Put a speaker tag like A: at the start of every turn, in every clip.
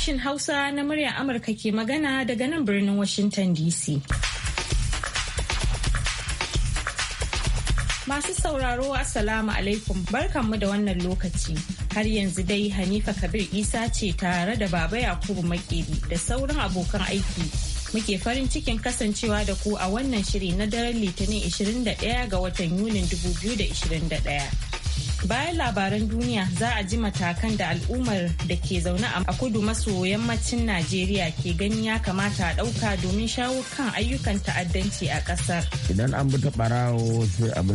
A: Sashin Hausa na muryar Amurka ke magana daga nan birnin Washington DC. Masu sauraro Assalamu alaikum barkanmu da wannan lokaci. Har yanzu dai Hanifa Kabir Isa ce tare da Baba Yakubu Makeri da sauran abokan aiki. Muke farin cikin kasancewa da ku a wannan shiri na daren Litinin 21 ga watan Yunin 2021. Bayan labaran duniya za a ji matakan da al'ummar da ke zaune a kudu maso yammacin Najeriya ke gani ya kamata a ɗauka domin shawo kan ayyukan ta'addanci a ƙasar.
B: Idan an bi ta ɓarawo sai a bi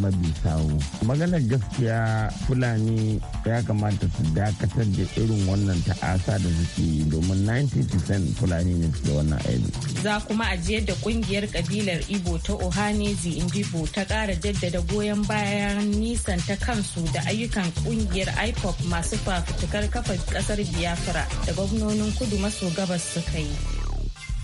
B: mabi sawo. Maganar gaskiya Fulani ya kamata su dakatar da irin wannan ta'asa da suke domin 90% Fulani ne suke wannan aiki.
A: Za kuma a ji yadda ƙungiyar ƙabilar Igbo ta Ohanezi Indibo ta ƙara jaddada goyon bayan nisan ta kan kansu da ayyukan kungiyar ipop masu fafutukar kafa kasar biafra da gwamnonin kudu maso gabas suka yi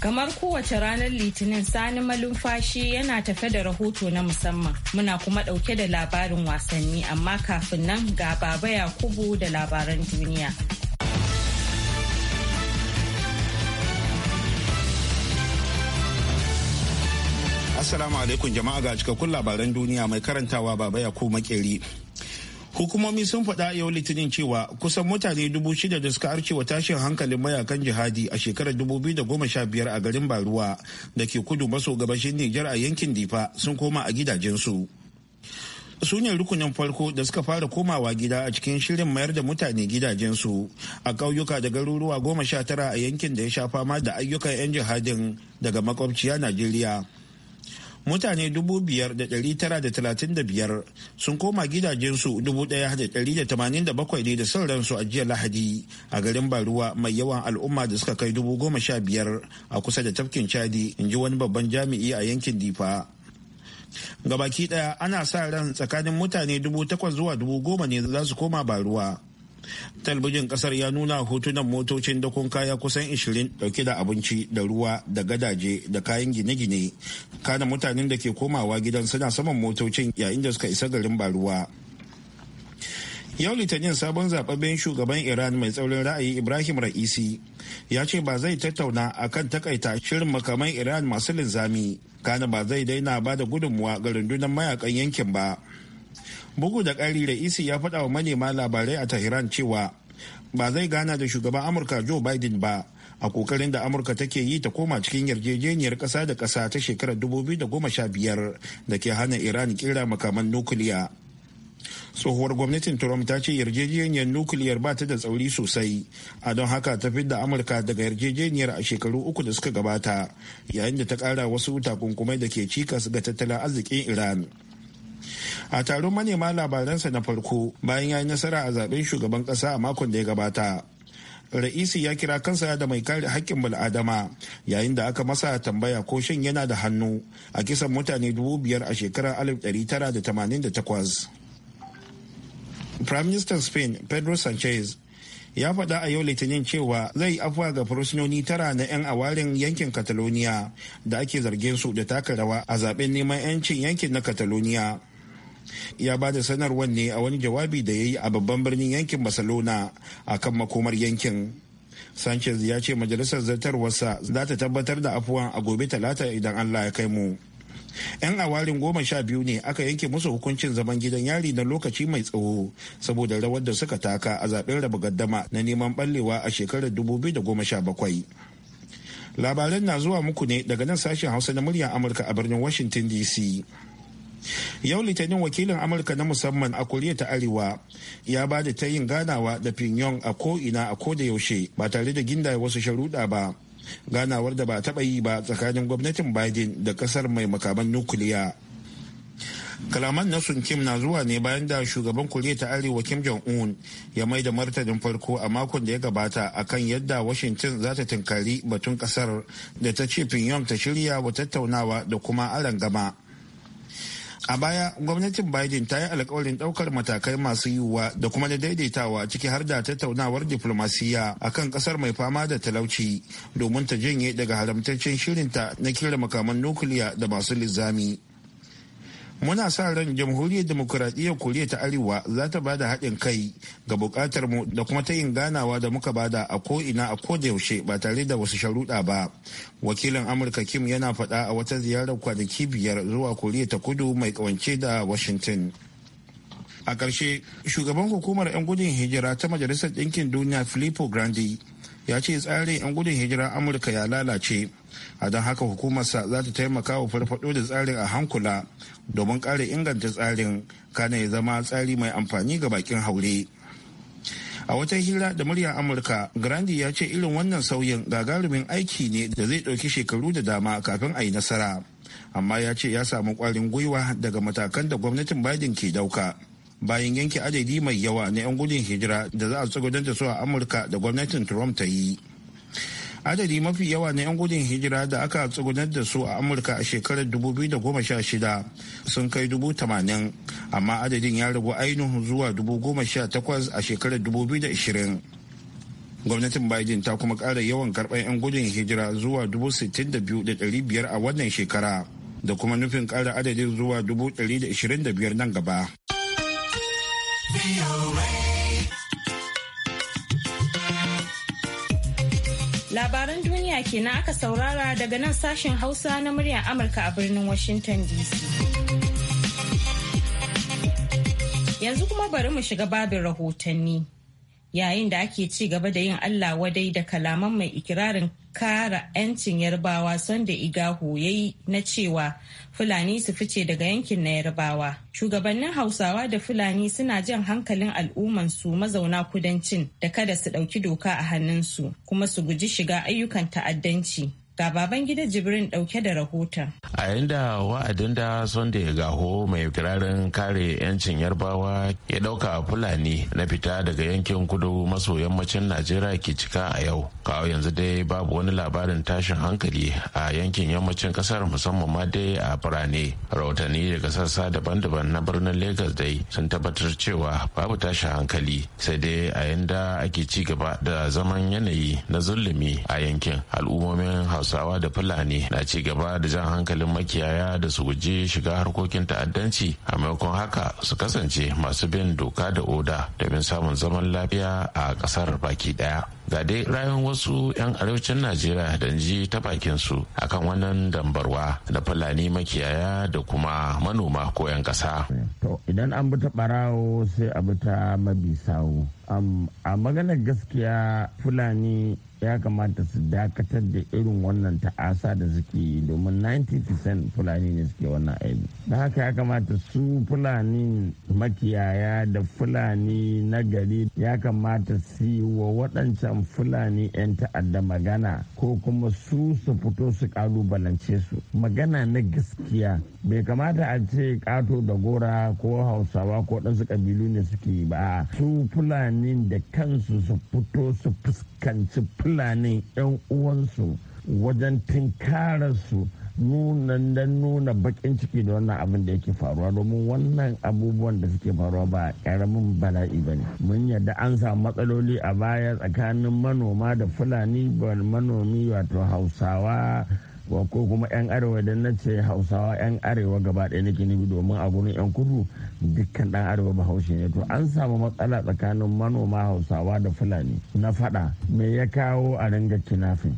A: kamar kowace ranar litinin sani malumfashi yana tafe da rahoto na musamman muna kuma dauke da labarin wasanni amma kafin nan ga baba yakubu da labaran duniya
C: Assalamu alaikum jama'a ga cikakkun labaran duniya mai karantawa baba ya ko makeri. hukumomi sun faɗa yau litinin cewa kusan mutane dubu shida da suka arce wa tashin hankalin mayakan jihadi a shekarar dubu biyu da goma sha biyar a garin baruwa da ke kudu maso gabashin nijar a yankin difa sun koma a gidajensu su ne rukunin farko da suka fara komawa gida a cikin shirin mayar da mutane gidajensu a kauyuka da garuruwa goma sha tara a yankin da ya sha fama da ayyukan 'yan jihadin daga makwabciya najeriya mutane 5,935 sun koma gidajensu 1,187 ne da son ransu a jiya lahadi a garin baruwa mai yawan al'umma da suka kai 15,000 a kusa da tafkin chadi in ji wani babban jami'i a yankin difa gabaki daya ana sa ran tsakanin mutane 8,000 zuwa 10,000 ne za su koma baruwa talbijin kasar ya nuna hotunan motocin dokun kaya kusan 20 dauke da abinci da ruwa da gadaje da kayan gine-gine kana mutanen da ke komawa gidan suna saman motocin yayin da suka isa garin baruwa yau litinin sabon zababben shugaban iran mai tsaurin ra'ayi ibrahim ra'isi ya ce ba zai tattauna kan takaita shirin makaman iran masu linzami kana ba zai daina ba da gudunmuwa ga rundunar mayakan yankin ba bugu da ƙari isi ya faɗa wa manema labarai a tehran cewa ba zai gana da shugaban amurka joe biden ba a kokarin da amurka take yi ta koma cikin yarjejeniyar ƙasa da ƙasa ta shekarar 2015 da ke hana iran kira makaman nukiliya tsohuwar gwamnatin trump ta ce yarjejeniyar nukiliyar ba ta da tsauri sosai a don haka ta fi da amurka daga yarjejeniyar a shekaru uku da suka gabata yayin da ta kara wasu takunkumai da ke cikas ga tattalin arzikin iran a taron manema labaransa na farko bayan ya yi nasara a zaben shugaban kasa a makon da ya gabata ra'isi ya kira kansa da mai kare hakkin bal'adama yayin da aka masa tambaya ko shin yana da hannu a kisan mutane dubu biyar a shekarar alif tara da da tamanin takwas. prime minister spain pedro sanchez ya faɗa a yau litinin cewa zai afuwa ga fursunoni tara na 'yan awarin yankin catalonia da ake zargin su da taka rawa a zaben neman 'yancin yankin na catalonia ya ba da sanarwar ne a wani jawabi da ya yi a babban birnin yankin barcelona a kan makomar yankin sanchez ya ce majalisar zartarwarsa za ta tabbatar da afuwan a gobe talata idan allah ya kai mu yan awarin goma sha biyu ne aka yanke musu hukuncin zaman gidan yari na lokaci mai tsawo saboda rawar da suka taka a zaben raba gaddama na neman ɓallewa a shekarar 2017 labaran na zuwa muku ne daga nan sashen hausa na muryar amurka a birnin washington dc yau litinin wakilin amurka na musamman a koriya ta arewa ya ba da ta yin ganawa da pinyon a ko'ina a koda yaushe ba tare da ginda wasu sharuɗa ba ganawar da ba taɓa yi ba tsakanin gwamnatin biden da ƙasar mai makaman nukiliya kalaman na sun kim na zuwa ne bayan da shugaban koriya ta arewa kim jong un ya mai da martanin farko a makon da ya gabata akan yadda washington za ta tunkari batun kasar da ta ce pyongyang ta shirya wa tattaunawa da kuma gama A baya, gwamnatin Biden ta yi alkawarin ɗaukar matakai masu yiwuwa da kuma na daidaitawa ciki har da tattaunawar diflomasiyya a kan ƙasar mai fama da talauci domin ta janye daga haramtaccen shirinta na kira makaman nukiliya da masu linzami. muna sa ran jamhuriyar demokuraɗiyyar koriya ta arewa za ta bada haɗin kai ga buƙatar mu da kuma ta yin ganawa da muka bada a ko ina a ko da yaushe ba tare da wasu sharuɗa ba wakilin amurka kim yana faɗa a wata ziyarar kwanaki biyar zuwa koriya ta kudu mai ƙawance da washington a ƙarshe shugaban hukumar 'yan gudun hijira ta majalisar ɗinkin duniya filippo grandi ya ce tsarin 'yan gudun hijira amurka ya lalace a don haka hukumarsa za ta taimaka wa farfado da tsarin a hankula domin ƙara inganta tsarin kana ya zama tsari mai amfani ga bakin haure a wata hira da murya amurka grandi ya ce irin wannan sauyin gagarumin aiki ne da zai ɗauki shekaru da dama kafin a yi nasara amma ya ce ya samu ƙwarin gwiwa daga matakan da gwamnatin biden ke dauka bayan yanke adadi mai yawa na 'yan gudun hijira da za a tsagudar da su a amurka da gwamnatin trump ta yi adadi mafi yawa na 'yan gudun hijira da aka tsugunar da su a amurka a shekarar 2016 sun kai 80,000 amma adadin ya ragu ainihin zuwa 18,000 a shekarar 2020 gwamnatin biden ta kuma ƙara yawan karɓar 'yan gudun hijira zuwa 62,500 a wannan shekara da kuma nufin ƙara adadin zuwa 125 nan gaba.
A: Labaran duniya kenan aka saurara daga nan sashen Hausa na muryar Amurka a birnin Washington DC. Yanzu kuma bari mu shiga babin rahotanni. Yayin da ake ci gaba da yin Allah wadai da kalaman mai ikirarin kara 'yancin yarbawa sanda igahu ya yi na cewa fulani su fice daga yankin na yarbawa shugabannin hausawa da fulani suna jan hankalin al'ummansu mazauna kudancin da kada su ɗauki doka a hannunsu kuma su guji shiga ayyukan ta'addanci Ga baban gida Jibrin ɗauke da rahoton.
D: A yayin da wa'adin da Sunday Gaho mai kirarin kare 'yancin Yarbawa ya ɗauka Fulani na fita daga yankin kudu maso yammacin Najeriya ke cika a yau. Kawo yanzu dai babu wani labarin tashin hankali a yankin yammacin kasar musamman ma dai a birane. Rahotanni daga sassa daban-daban na birnin Legas dai sun tabbatar cewa babu tashin hankali sai dai a yayin da ake ci gaba da zaman yanayi na zulumi a yankin al'ummomin hausawa da fulani na ci gaba da jan hankalin makiyaya da su guji shiga harkokin ta'addanci a maimakon haka su kasance masu bin doka da oda domin samun zaman lafiya a kasar baki daya ga dai rayuwar wasu 'yan arewacin najeriya da ji ta bakin su akan wannan dambarwa da fulani makiyaya da kuma manoma ko 'yan kasa
B: idan an bi ta barawo sai a bi ta mabi sawu a maganar gaskiya fulani ya kamata su dakatar da irin wannan ta'asa da suke yi domin 90% fulani ne suke wannan aibu da haka ya kamata su fulani makiyaya da fulani na gari ya kamata su yi wa waɗancan fulani 'yan ta'adda magana ko kuma su su fito su ƙalubalance su magana na gaskiya bai kamata a ce ƙato da gora ko hausawa ko ɗansu ƙabilu ne suke yi ba su fulani mutanen da kansu su fito su fuskanci fulani 'yan uwansu wajen tinkararsu nunan da nuna bakin ciki da wannan abin da yake faruwa domin wannan abubuwan da suke faruwa ba karamin bala'i ba ne mun yadda an samu matsaloli a baya tsakanin manoma da fulani ba manomi wato hausawa ko kuma 'yan arewa da na ce hausawa 'yan arewa gaba ɗaya nake nufi domin a gurin 'yan kudu dukkan dan arewa bahaushe ne to an samu matsala tsakanin manoma hausawa da fulani na fada me ya kawo a ringa kinafin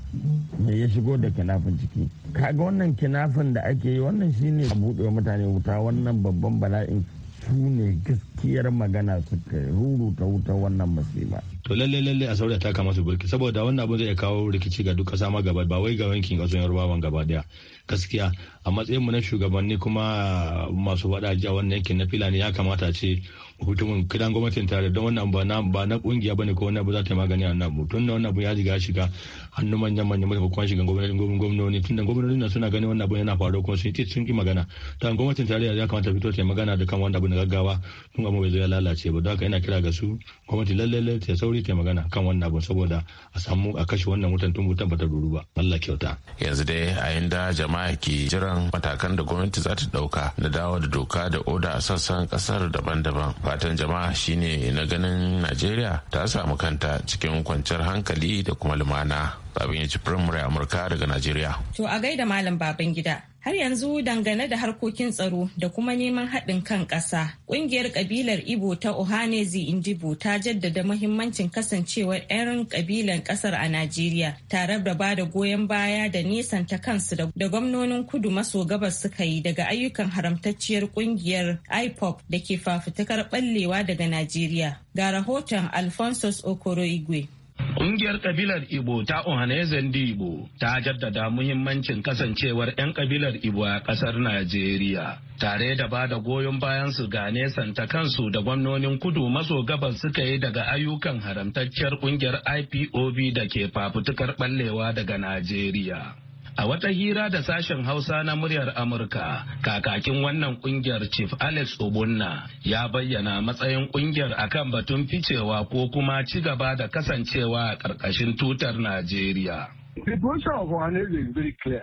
B: me ya shigo da kinafin ciki kaga wannan kinafin da ake yi wannan shine a buɗewa mutane wuta wannan babban bala'in su ne gaskiyar magana suka ruruta wuta wannan masifa.
E: to lalle lalle a saurata kama su gurki saboda wannan abin zai kawo rikici ga duk kasa ma gaba ba wai ga yankin kasan yarbawan gaba daya gaskiya a matsayin mu na shugabanni kuma masu faɗa a wannan yankin na filani ya kamata ce hutumin kidan gwamnatin tare don wannan ba na ba na kungiya bane ko wannan ba za ta magani wannan abu da wannan abu ya riga shiga hannun manyan manyan mutane kuma shiga gwamnatin gwamnoni tunda gwamnoni na suna ganin wannan abu yana faruwa kuma sun ce sun ki magana ta gwamnatin tare ya kamata fito ta magana da kan wannan abu na gaggawa tun ga bai zo ya lalace ba don haka ina kira ga su gwamnati lalle lalle ta sauri ta magana kan wannan abu saboda a samu a kashe wannan wutan tun ba ta duru ba Allah kyauta
D: yanzu dai a inda jama'a ke jiran matakan da gwamnati za ta dauka na dawo da doka da oda a sassan kasar daban-daban fatan jama'a shine na ganin najeriya ta samu kanta cikin kwanciyar hankali da kuma lumana babin ya ci firamare amurka daga najeriya
A: to a gaida malam baban gida har yanzu dangane da harkokin tsaro da kuma neman haɗin kan ƙasa ƙungiyar ƙabilar ibo ta ohanezi indibo ta jaddada mahimmancin kasancewar 'yan ƙabilan ƙasar a najeriya tare da ba da goyon baya da nesanta kansu da gwamnonin kudu maso gabas suka yi daga ayyukan haramtacciyar ƙungiyar ipop da ke fafutukar ɓallewa daga najeriya ga rahoton alphonsus okoro igwe
E: Ƙungiyar ƙabilar ibo ta Ohanezen Igbo ta jaddada muhimmancin kasancewar 'yan kabilar ibo a ƙasar Najeriya, tare da ba da goyon bayan su ga santa kansu da gwamnonin kudu maso gabas suka yi daga ayyukan haramtacciyar ƙungiyar IPOB da ke fafutukar ɓallewa daga Najeriya. A wata hira da sashen Hausa na muryar Amurka, kakakin wannan kungiyar Chief Alex Obunna ya bayyana matsayin kungiyar akan batun ficewa ko kuma ci gaba da kasancewa a ƙarƙashin tutar Najeriya.
F: The position of our nation is very clear.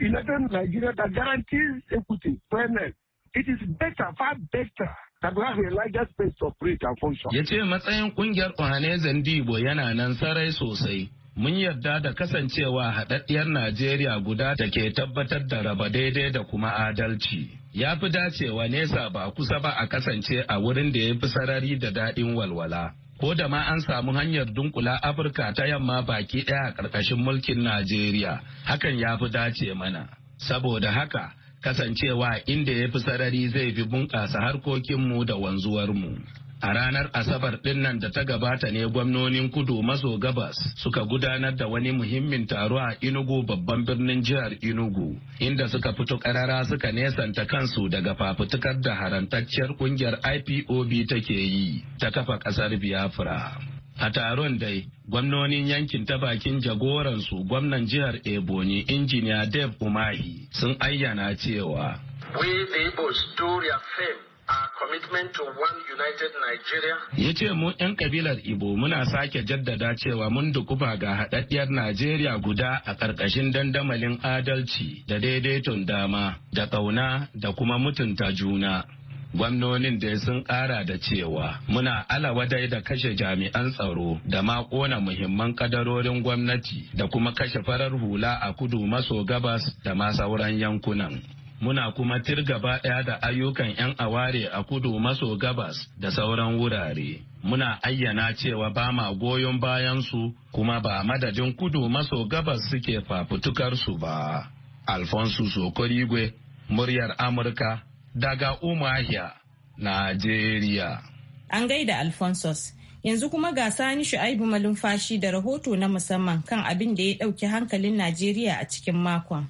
B: United Nigeria that guarantees equity, fairness. It is better, far better Ya
E: ce matsayin kungiyar Ohanezen Dibo yana nan sarai sosai mun yarda da kasancewa haɗaɗɗiyar Najeriya guda da ke tabbatar da raba daidai da kuma adalci. Ya fi dacewa nesa ba kusa ba a kasance a wurin da ya fi sarari da daɗin walwala. Ko da ma an samu hanyar dunkula Afirka ta yamma baki ɗaya a ƙarƙashin mulkin Najeriya, hakan ya fi dace mana. Saboda haka, kasancewa inda ya fi sarari zai fi bunƙasa harkokinmu da wanzuwarmu. A ranar Asabar ɗinnan da ta gabata ne gwamnonin kudu maso gabas suka gudanar da wani muhimmin taro a Inugu babban birnin jihar Inugu, inda suka fito karara suka nesanta kansu daga fafutukar da harantacciyar ƙungiyar IPOB take yi ta kafa ƙasar Biafra. A taron dai, gwamnonin yankin ta bakin jagoransu gwamnan jihar Ebonyi, injiniya Dave Umahi, sun ayyana cewa.
B: We the Igbos do
E: Ya ce mu 'yan kabilar Ibo muna sake jaddada cewa mun dukufa ga haɗaɗɗiyar Najeriya guda a ƙarƙashin dandamalin adalci da daidaiton dama da ƙauna da kuma mutunta juna. Gwamnonin da sun ƙara da cewa muna alawadai da kashe jami'an tsaro da ma ƙona muhimman kadarorin gwamnati da kuma kashe farar hula a kudu maso gabas da ma sauran yankunan. muna kuma ba ɗaya da ayyukan 'yan aware a kudu maso gabas da sauran wurare. Muna ayyana cewa ba ma goyon bayansu kuma ba madadin kudu maso gabas suke fafutukarsu ba. Alfonso Sokorigwe, muryar Amurka, daga Umahia, Najeriya.
A: An gaida Alphonsus. Yanzu kuma ga sani shu'aibu malumfashi da rahoto na musamman kan abin da ya ɗauki hankalin Najeriya a cikin makon.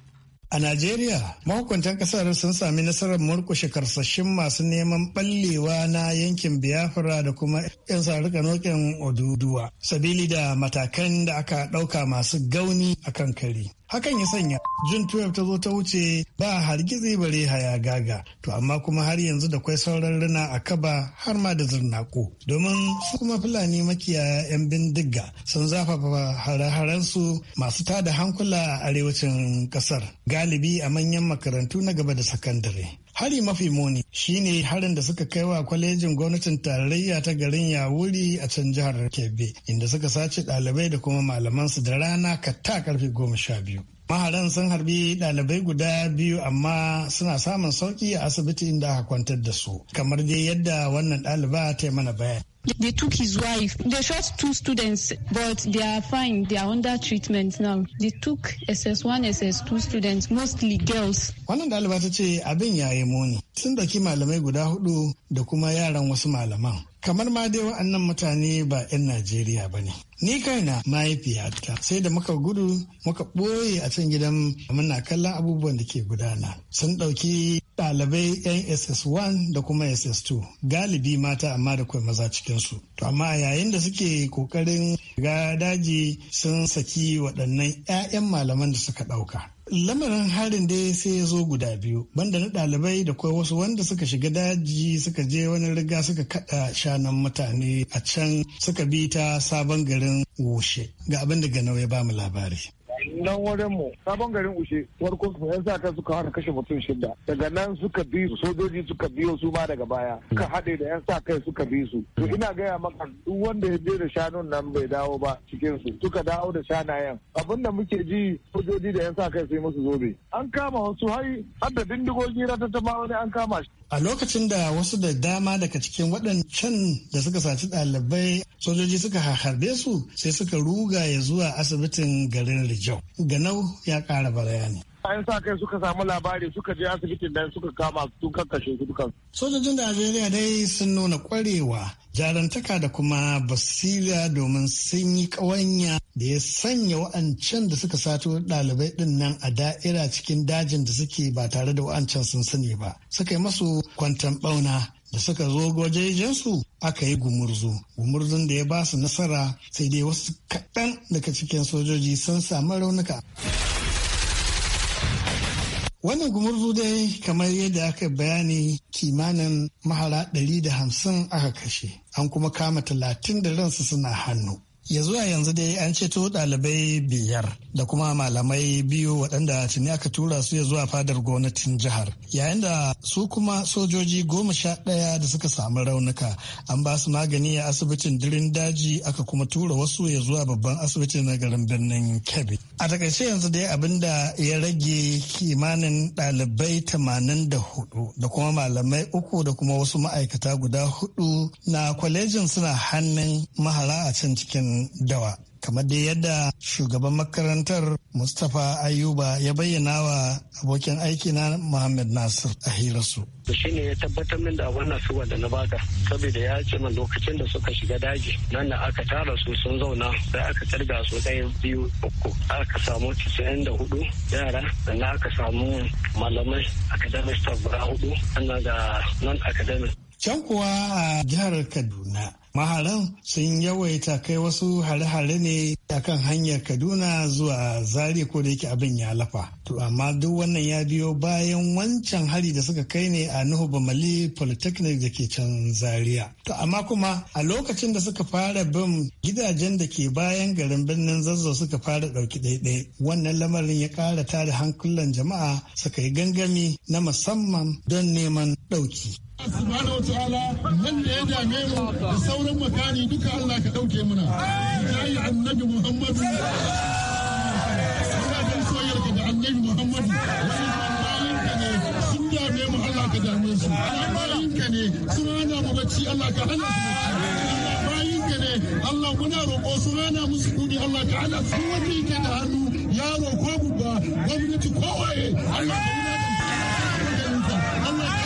F: A Najeriya, mahukuntan kasar sun sami nasarar murkushe karsashin masu neman ɓallewa na yankin Biafra da kuma 'yan sarika nokin Oduduwa, sabili da matakan da aka ɗauka masu gauni a kan kari. hakan ya sanya jun 12 ta zo ta wuce ba hargizi bare haya gaga to amma kuma har yanzu da kwai sauran rina a kaba har ma da zurnako domin su kuma fulani makiyaya 'yan bindiga sun zafafa hare-harensu masu tada hankula a arewacin kasar galibi a manyan makarantu na gaba da sakandare Hari mafi muni shine harin da suka kai wa kwalejin gwamnatin tarayya ta garin Yawuri a can jihar Kebbi inda suka sace ɗalibai da kuma malamansu da rana ka ta karfe goma sha biyu. maharan sun harbi ɗalibai guda biyu amma suna samun sauki a asibiti inda aka kwantar da su kamar dai yadda wannan ɗaliba ta yi mana bayani
C: They took his wife. They shot two students,
A: but they are fine. They are under treatment now. They took SS1, SS2 students, mostly girls.
F: Wannan ɗaliba ta ce abin ya yi muni. Sun daki malamai guda hudu da kuma yaran wasu malaman. Kamar ma dai wa'annan mutane ba 'yan Najeriya ba ne. ni kaina mahaifiyata sai da muka gudu muka ɓoye a can gidan muna kallon abubuwan da ke gudana sun ɗauki ɗalibai yan ss1 da kuma ss2 galibi mata amma da kai maza cikinsu to amma yayin da suke ƙoƙarin ga daji sun saki waɗannan 'ya'yan malaman da suka ɗauka lamarin harin dai sai ya zo guda biyu banda na ɗalibai da kwai wasu wanda suka shiga daji suka je wani riga suka kaɗa shanan mutane a can suka bi ta sabon garin garin Ushe. ga abin da Ganau ya ba mu labari.
B: nan wajen mu sabon garin ushe farko su yan sa suka hana kashe mutum shida daga nan suka bi su sojoji suka biyo su ma daga baya suka haɗe da yan sa kai suka bi su to ina gaya maka duk wanda ya je da shanun nan bai dawo ba cikin su suka dawo da shanayen abin da muke ji sojoji da yan sa kai sai musu zobe
F: an kama wasu har har da ta ma wani an kama shi a lokacin da wasu da dama daga cikin waɗancan da suka saci ɗalibai sojoji suka harbe su sai suka ruga ya zuwa asibitin garin rijau ganau ya ƙara bayani
B: an sa kai suka samu labari suka je asibitin da suka kama su kakkashe su dukan.
F: Sojojin Najeriya dai sun nuna kwarewa jarantaka da kuma basira domin sun yi kawanya da ya sanya wa'ancan da suka sato ɗalibai ɗin nan a da'ira cikin dajin da suke ba tare da wa'ancan sun sani ba. Suka yi masu kwantan bauna da suka zo gwajejensu aka yi gumurzu gumurzun da ya ba su nasara sai dai wasu kaɗan daga cikin sojoji sun samu raunuka. Wannan gumurzu dai kamar yadda aka bayani kimanin mahara 150 aka kashe, an kuma kama talatin da ransu suna hannu. ya zuwa yanzu dai an ceto ɗalibai biyar da kuma malamai biyu waɗanda tuni aka tura su ya zuwa fadar gwamnatin jihar yayin da su kuma sojoji goma sha ɗaya da suka samu raunuka an ba su magani a asibitin dirin daji aka kuma tura wasu ya zuwa babban asibiti na garin birnin kebbi a takaice yanzu dai abin da ya rage kimanin ɗalibai tamanin da hudu da kuma malamai uku da kuma wasu ma'aikata guda hudu na kwalejin suna hannun mahara a can cikin dawa kamar dai yadda shugaban makarantar mustapha ayuba ya bayyana wa abokin aiki na muhammad nasir a hirarsu
B: shi ne ya tabbatar min da wannan suwa da na baka saboda ya ce min lokacin da suka shiga daji nan da aka tara su sun zauna sai aka karga su ɗaya biyu uku aka samu casa'in da hudu yara sannan aka samu malamai academic staff guda hudu sannan da non academic
F: can kuwa a jihar kaduna maharan sun yawaita kai wasu hare-hare ne a kan hanyar kaduna zuwa zari ko da yake abin ya lafa to amma duk wannan ya biyo bayan wancan hari da suka kai ne a nuhu bamali polytechnic da ke can zaria to amma kuma a lokacin da suka fara bin gidajen da ke bayan garin birnin zazzau suka fara ɗauki ɗaiɗai wannan lamarin ya ƙara tare hankulan jama'a suka yi gangami na musamman don neman ɗauki
B: subhanahu wa ta'ala
F: nan da ya dame mu da sauran makani duka Allah ka dauke muna yayi annabi Muhammadu Allah ka soyar ka da annabi Muhammadu wannan ka ne sun dame mu Allah ka dame su bayin ka ne sun hana mu bacci Allah ka hana su bayin ka ne Allah muna roƙo sun hana musu kudi Allah ka hana su wanda yake da hannu yaro ko babba gwamnati kowaye
D: Allah ka yi
F: Allah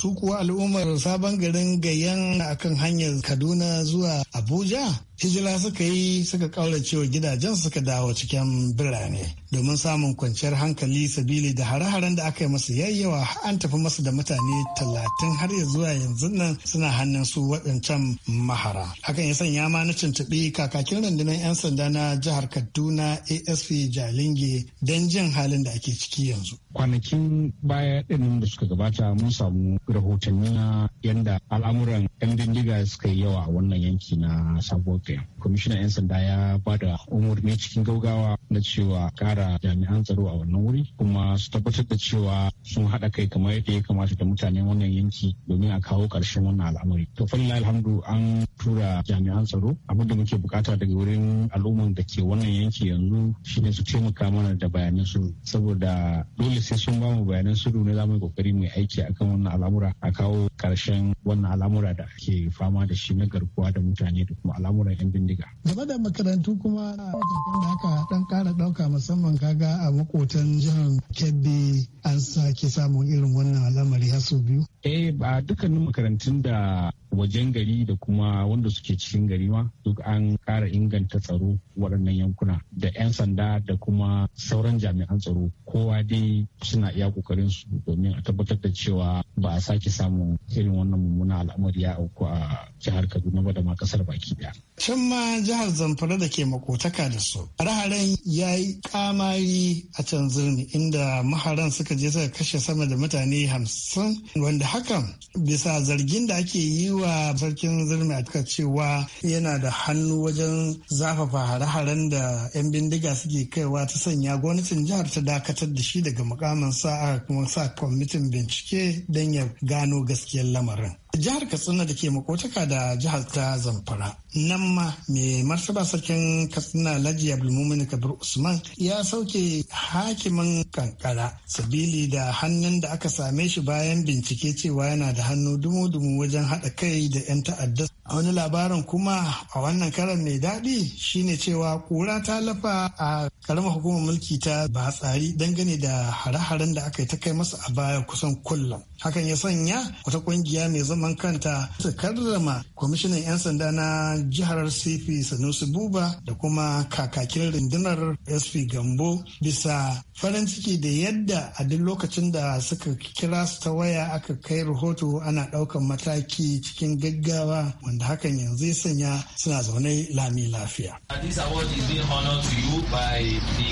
F: su kuwa al'ummar sabon garin gayan akan hanyar kaduna zuwa abuja hijira suka yi suka cewa gidajen suka dawo cikin birane domin samun kwanciyar hankali sabili da hare-haren da aka yi masu yayyawa an tafi masa da mutane talatin har ya zuwa yanzu nan suna hannun su waɗancan mahara hakan ya sanya ma na tuntuɓi kakakin rundunar 'yan sanda na jihar kaduna asp jalinge don jin halin da ake ciki yanzu
G: kwanakin baya ɗinin da suka gabata mun samu rahotanni na yadda al'amuran 'yan bindiga suka yi yawa a wannan yanki na sabuwar cocktail kwamishinan 'yan sanda ya ba da umarni cikin gaugawa na cewa kara jami'an tsaro a wannan wuri kuma su tabbatar da cewa sun haɗa kai kamar yadda ya kamata da mutanen wannan yanki domin a kawo ƙarshen wannan al'amari to falila alhamdu an tura jami'an tsaro abin da muke bukata daga wurin al'umman da ke wannan yanki yanzu shine su taimaka mana da bayanan su saboda dole sai sun bamu bayanan su ne za mu yi kokari mu aiki akan wannan al'amura a kawo ƙarshen wannan al'amura da ake fama da shi na garkuwa da mutane da kuma al'amuran 'yan bindiga.
F: Game da makarantu kuma matakan da aka dan kara dauka musamman kaga a makotan jihar Kebbi an sake samun irin wannan lamari har biyu.
G: Eh ba dukkanin makarantun da wajen gari da kuma wanda suke cikin gari ma duk an kara inganta tsaro waɗannan yankuna da 'yan sanda da kuma sauran jami'an tsaro kowa dai suna iya ƙoƙarin su domin a tabbatar da cewa ba a sake samun irin wannan mummuna al'amari ya auku a jihar kaduna ba da ma ƙasar baki ɗaya.
F: can ma jihar zamfara da ke makotaka da su hare ya yi kamari a can zirni inda maharan suka je suka kashe sama da mutane hamsin wanda hakan bisa zargin da ake yi zuwa sarkin zurmi a cewa yana da hannu wajen zafafa hare-haren da 'yan bindiga suke kaiwa ta sanya gwamnatin jihar ta dakatar da shi daga mukamin sa'a kuma sa kwamitin bincike don ya gano gaskiyar lamarin. jihar katsina da ke makotaka da jihar ta zamfara nan ma mai martaba sarkin katsina laji abdulmumin kabir usman ya sauke hakimin kankara sabili da hannun da aka same shi bayan bincike cewa yana da hannu dumu-dumu wajen haɗa kai da 'yan ta'adda a wani labarin kuma a wannan karan mai daɗi shine cewa kura ta lafa a karamar hukumar mulki ta batsari dangane da hare-haren da aka yi ta kai masa a baya kusan kullum hakan ya sanya wata ƙungiya mai zaman kanta ta karrama kwamishinan 'yan sanda na jihar cp sanusi buba da kuma kakakin rundunar sp gambo bisa farin ciki da yadda a duk lokacin da suka kira su ta waya aka kai rahoto ana ɗaukan mataki cikin gaggawa hakan yanzu ya sanya suna zaune lami lafiya.
E: This award is being honored to you by the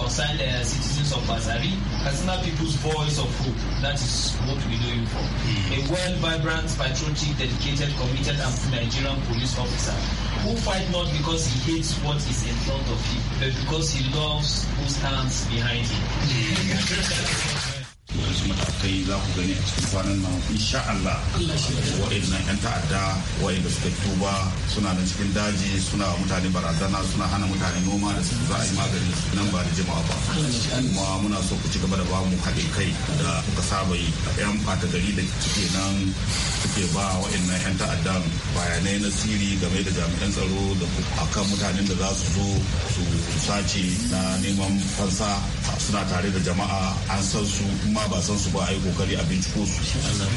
E: concerned uh, citizens of Basari, Katsina people's voice of hope. That is what we know you for. Hmm. A well, vibrant, patriotic, dedicated, committed, and Nigerian police officer who fight not because he hates what is in front of him, but because he loves who stands behind him. Hmm.
C: wasu matakai za ku gani a cikin kwanan nan insha Allah waɗannan 'yan ta'adda waɗanda suka ba suna nan cikin daji suna mutane barazana suna hana mutane noma da suka za a yi magani nan ba da jama'a ba kuma muna so ku ci gaba da ba mu haɗin kai da kuka saba yi 'yan fata gari da suke nan suke ba waɗannan 'yan ta'adda bayanai na siri game da jami'an tsaro da akan mutanen da za su zo su sace na neman fansa suna tare da jama'a an san su kuma ba san su ba a yi kokari a binciko su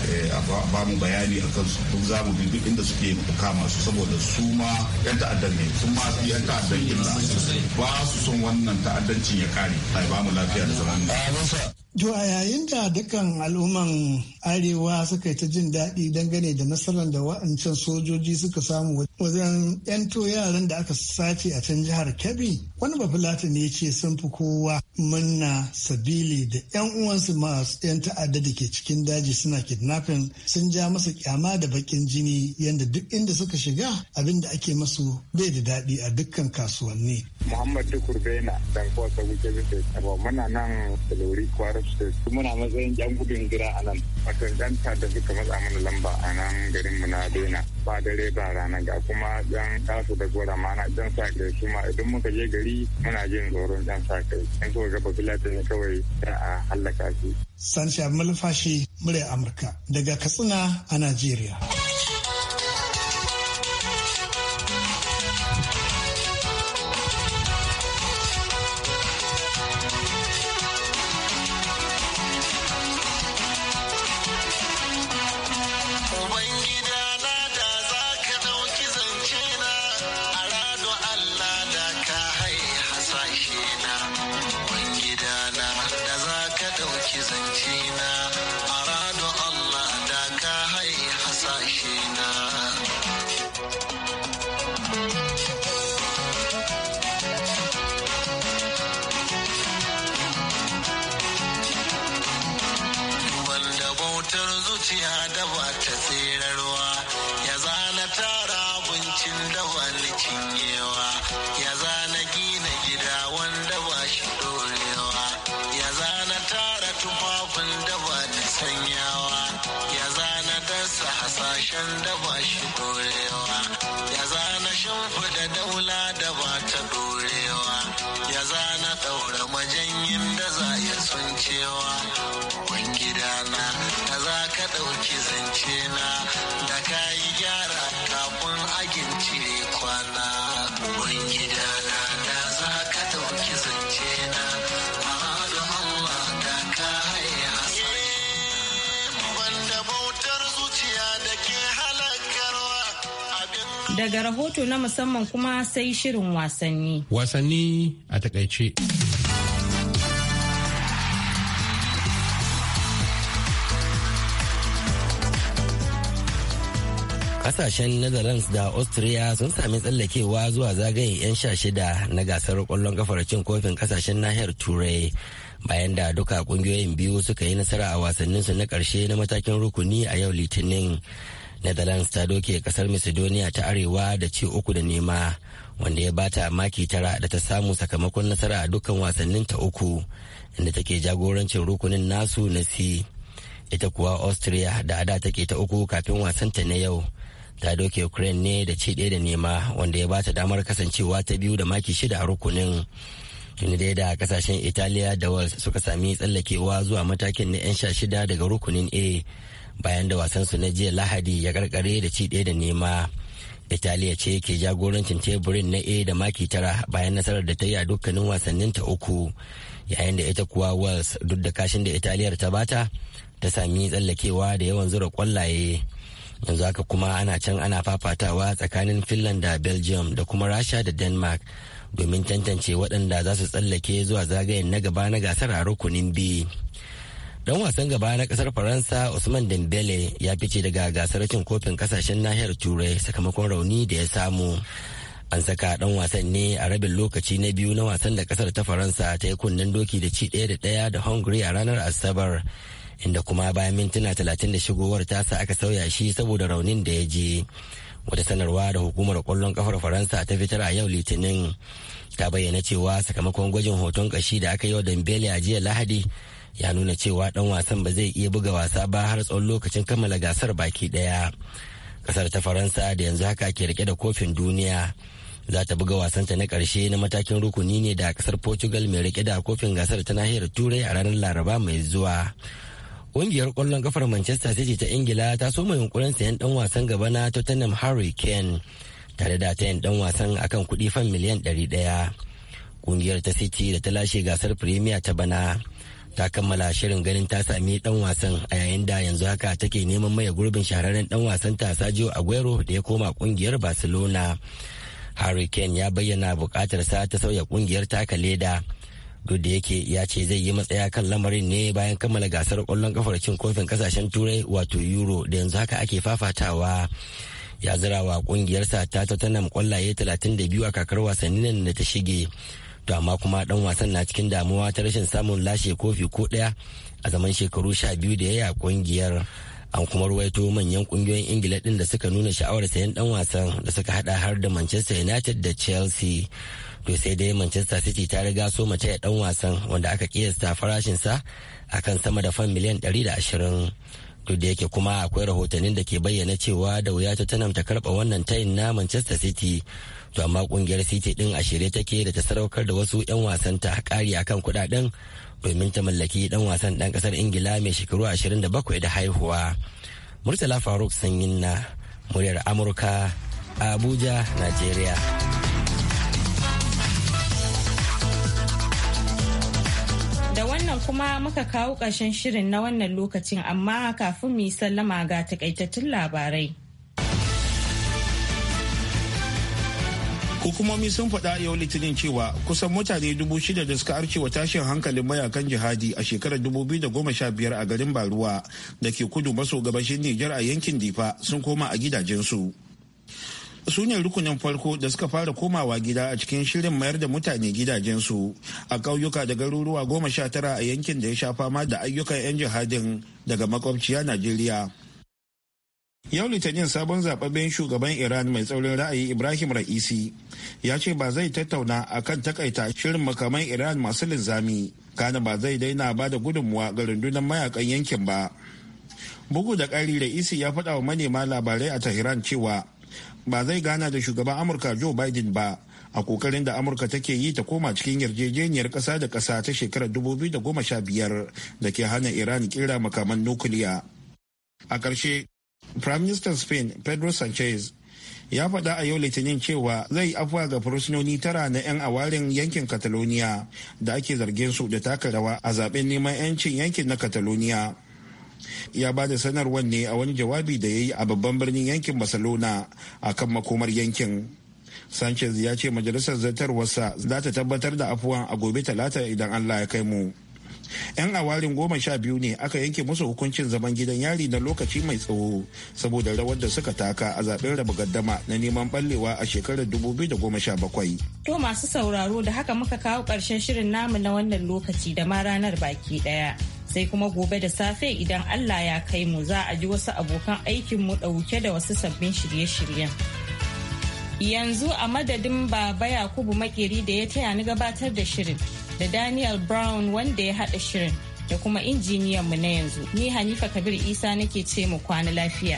C: eh, ba mu bayani a kansu duk za mu duk inda suke kama su saboda su ma yan ta'addan ne sun ma su yan ta'addan ba su son wannan ta'addancin ya kare a ba mu lafiya da zaman
F: To a yayin da dukkan al'umman arewa suka yi ta jin daɗi dangane da nasarar da wa'ancan sojoji suka samu wajen 'yanto yaran da aka sace a can jihar Kebbi, wani bafulata ne ce sun fi kowa manna sabili da 'yan uwansu masu 'yan ta'adda da ke cikin daji suna kidnapping sun ja masa kyama da bakin jini yadda duk inda suka shiga abin da ake masu bai da daɗi a dukkan kasuwanni.
B: Muhammad Dukur Bena, dan kowa sabu kebbi muna nan da lori kwara Delta State. Muna matsayin yan gudun jira a nan. Wato ta da suka matsa mana lamba a nan garin mu na Dena. Ba dare ba rana ga kuma yan tasu da gora mana dan sa kai su ma idan muka je gari muna jin tsoron yan sa kai. Yan kuma gaba filatin ne kawai da a hallaka shi.
F: Sanshi Malfashi murya Amurka daga Katsina a Najeriya.
B: wani cinyewa ya zana gina gida wanda ba shi dorewa ya zana tara tufafin da ba da sanyawa ya zana dasa hasashen da ba
A: daga rahoto na musamman kuma sai shirin wasanni. Wasanni a
H: takaice. Kasashen Netherlands da Austria sun sami tsallakewa zuwa zagayen 'yan sha shida na gasar kwallon kafar cin kofin kasashen nahiyar Turai bayan da duka kungiyoyin biyu suka yi nasara a wasanninsu na ƙarshe na matakin rukuni a yau Litinin. netherlands ta doke kasar macedonia ta arewa da ci uku da nema wanda ya bata maki tara da ta samu sakamakon nasara a dukkan wasannin ta uku inda take jagorancin rukunin nasu na si ita kuwa austria da ada take ta uku kafin wasanta na yau ta doke ukraine ne da ci ɗaya da nema wanda ya bata damar kasancewa ta biyu da maki shida a rukunin tuni dai da kasashen italiya da wales suka sami tsallakewa zuwa matakin na 'yan sha shida daga rukunin a bayan da wasan su na jiya lahadi ya karkare da ci ɗaya da nema italiya ce ke jagorancin teburin na a da maki tara bayan nasarar da ta yi a dukkanin wasannin ta uku yayin da ita kuwa wales duk da kashin da italiyar ta bata ta sami tsallakewa da yawan zura kwallaye yanzu haka kuma ana can ana fafatawa tsakanin finland da belgium da kuma rasha da denmark domin tantance waɗanda za su tsallake zuwa zagayen na gaba na gasar a rukunin biyu Dan wasan gaba na kasar Faransa Usman Dembele ya fice daga gasar cin kofin kasashen nahiyar Turai sakamakon rauni da ya samu. An saka dan wasan ne a rabin lokaci na biyu na wasan da kasar ta Faransa ta yi kunnen doki da ci daya da ɗaya da Hungary a ranar Asabar. Inda kuma bayan mintuna talatin da shigowar tasa aka sauya shi saboda raunin da ya je. Wata sanarwa da hukumar kwallon kafar Faransa ta fitar a yau Litinin ta bayyana cewa sakamakon gwajin hoton kashi da aka yi wa Dembele a jiya Lahadi ya nuna cewa dan wasan ba zai iya buga wasa ba har tsawon lokacin kammala gasar baki daya kasar ta faransa da yanzu haka ke rike da kofin duniya za ta buga wasanta na karshe na matakin rukuni ne da kasar portugal mai rike da kofin gasar ta nahiyar turai a ranar laraba mai zuwa ƙungiyar kwallon kafar manchester city ta ingila ta so soma yunkurin sayan dan wasan gaba na tottenham harry kane tare da tayin dan wasan akan kuɗi fan miliyan 100 ƙungiyar ta city da ta lashe gasar premier ta bana ta kammala shirin ganin ta sami dan wasan a yayin da yanzu haka take neman maye gurbin shahararren dan wasan ta Sajo Aguero da ya koma kungiyar Barcelona. Harry ya bayyana sa ta sauya kungiyar taka leda. duk da yake ya ce zai yi matsaya kan lamarin ne bayan kammala gasar kwallon kafar cin kofin kasashen turai wato euro da yanzu haka ake fafatawa ya zirawa kungiyarsa ta tottenham kwallaye 32 a kakar wasannin da ta shige to amma kuma dan wasan na cikin damuwa ta rashin samun lashe kofi ko daya a zaman shekaru sha biyu da ya yi a kungiyar an kuma ruwaito manyan kungiyoyin ingila din da suka nuna sha'awar sayan dan wasan da suka hada har da manchester united da chelsea to sai dai manchester city ta riga so mace ya dan wasan wanda aka kiyasta farashinsa akan sama da fan miliyan 120 duk da yake kuma akwai rahotannin da ke bayyana cewa da wuya ta tanam ta karba wannan tayin na manchester city to amma kungiyar city din a shirye take da ta sadaukar da wasu 'yan wasan ta kari akan kudaden domin ta mallaki dan wasan ɗan kasar ingila mai shekaru 27 da haihuwa murtala faruk sanyin na muryar amurka abuja nigeria
A: kuma muka kawo ƙarshen shirin na wannan lokacin amma kafin mu yi sallama ga takaitattun labarai.
C: Hukumomi sun faɗa yau litinin cewa kusan mutane dubu shida da suka wa tashin hankalin mayakan jihadi a shekarar dubu biyu da goma sha biyar a garin Baruwa da ke kudu maso gabashin Nijar a yankin Difa sun koma a gidajensu. su. su ne rukunin farko da suka fara komawa gida a cikin shirin mayar da mutane gidajensu a ƙauyuka da garuruwa goma sha tara a yankin da ya sha fama da ayyukan 'yan jihadin daga makwabciya najeriya yau litinin sabon zababben shugaban iran mai tsaurin ra'ayi ibrahim ra'isi ya ce ba zai tattauna akan takaita shirin makaman iran masu linzami kana ba zai daina ba da gudunmuwa ga rundunar mayakan yankin ba bugu da ƙari ra'isi ya faɗa wa manema labarai a tehran cewa ba zai gana da shugaban amurka joe biden ba a kokarin da amurka take yi ta koma cikin yarjejeniyar kasa da kasa ta shekarar 2015 da ke hana iran kira makaman nukiliya a ƙarshe prime minister spain pedro sanchez ya faɗa a yau litinin cewa zai afuwa ga fursunoni tara na 'yan awarin yankin catalonia da ake zargin su da taka rawa a zaben neman 'yancin yankin na catalonia ya ba da sanarwar ne a wani jawabi da ya yi a babban birnin yankin barcelona a kan makomar yankin sanchez ya ce majalisar zartarwarsa za ta tabbatar da afuwan a gobe talata idan allah ya kai mu yan awarin goma sha biyu ne aka yanke musu hukuncin zaman gidan yari na lokaci mai tsawo saboda rawar da suka taka a zaben raba gaddama na neman ballewa a shekarar 2017
A: to masu sauraro da haka muka kawo ƙarshen shirin namu na wannan lokaci da ma ranar baki ɗaya. sai kuma gobe da safe idan Allah ya kai mu za a ji wasu abokan aikinmu ɗauke da wasu sabbin shirye-shiryen. Yanzu a madadin Baba Yakubu Makeri da ya taya ni gabatar da shirin da Daniel Brown wanda ya haɗa shirin da kuma injiniyan mu na yanzu. Ni Hanifa Kabir Isa nake ce mu kwana lafiya.